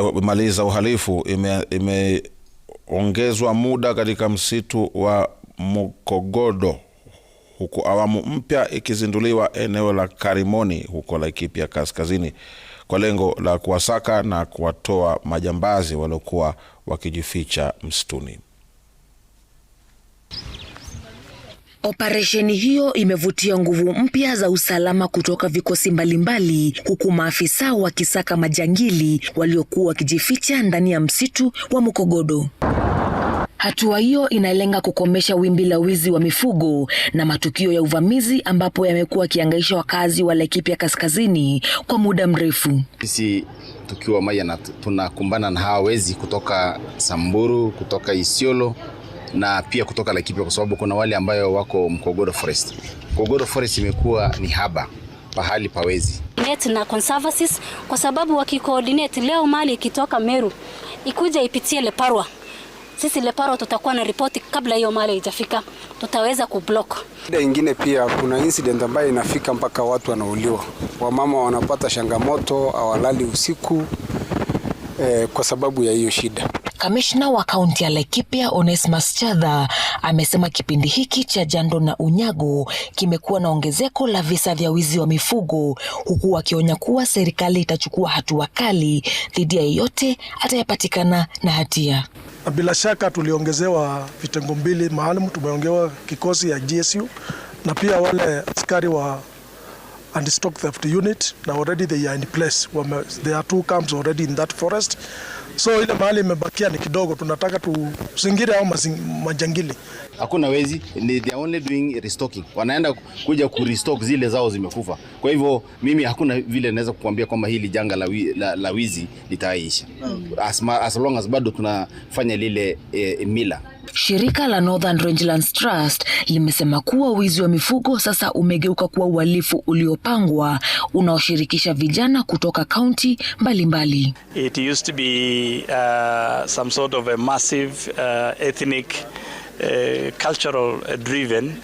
uh, maliza uhalifu imeongezwa ime muda katika msitu wa Mukogodo huku awamu mpya ikizinduliwa eneo la Karimoni huko Laikipia kaskazini kwa lengo la kuwasaka na kuwatoa majambazi waliokuwa wakijificha msituni. Operesheni hiyo imevutia nguvu mpya za usalama kutoka vikosi mbalimbali huku maafisa wakisaka majangili waliokuwa wakijificha ndani ya msitu wa Mukogodo. Hatua hiyo inalenga kukomesha wimbi la wizi wa mifugo na matukio ya uvamizi ambapo yamekuwa yakiangaisha wakazi wa Laikipia Kaskazini kwa muda mrefu. Sisi tukiwa Maiyana tunakumbana na hawa wezi kutoka Samburu, kutoka Isiolo na pia kutoka Laikipia, kwa sababu kuna wale ambayo wako Mkogoro Forest. Mkogoro Forest imekuwa ni haba pahali pawezi net na conservancies, kwa sababu wakicoordinate leo mali ikitoka Meru ikuja ipitie Leparwa, sisi Leparwa tutakuwa na ripoti kabla hiyo mali haijafika, tutaweza kublock. Shida ingine pia kuna incident ambayo inafika mpaka watu wanauliwa, wamama wanapata changamoto, hawalali usiku eh, kwa sababu ya hiyo shida. Kamishna wa kaunti ya Laikipia Onesmus Chadha amesema kipindi hiki cha jando na unyago kimekuwa na ongezeko la visa vya wizi wa mifugo, huku wakionya kuwa serikali itachukua hatua kali dhidi ya yeyote atayepatikana na hatia. Bila shaka tuliongezewa vitengo mbili maalum, tumeongewa kikosi ya GSU na pia wale askari wa and stock theft unit na already they are in place. Wame, there are two camps already in that forest. So ile mahali imebakia ni kidogo, tunataka tuzingire au majangili. Hakuna wezi, ni they only doing restocking, wanaenda kuja kurestock zile zao zimekufa. Kwa hivyo mimi hakuna vile naweza kukuambia kwamba hili janga la, la, la wizi litaisha mm. as, as long as bado tunafanya lile eh, mila Shirika la Northern Rangelands Trust limesema kuwa wizi wa mifugo sasa umegeuka kuwa uhalifu uliopangwa unaoshirikisha vijana kutoka kaunti mbalimbali. It used to be uh, some sort of a massive uh, ethnic uh, cultural driven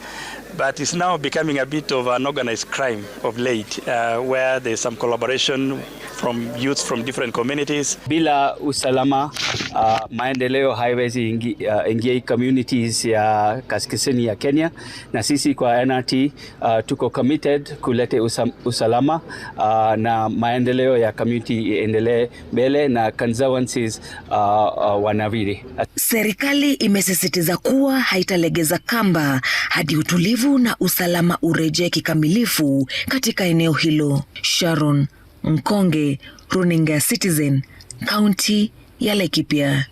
but it's now becoming a bit of an organized crime of late uh, where there's some collaboration from youths from different communities. Bila usalama uh, maendeleo haiwezi uh, ingia uh, communities ya kaskazini ya Kenya, na sisi kwa NRT uh, tuko committed kulete usalama uh, na maendeleo ya community iendelee mbele na conservancies uh, uh, wanaviri. Serikali imesisitiza kuwa haitalegeza kamba hadi utulivu na usalama urejee kikamilifu katika eneo hilo. Sharon Mkonge, runinga Citizen, kaunti ya Laikipia.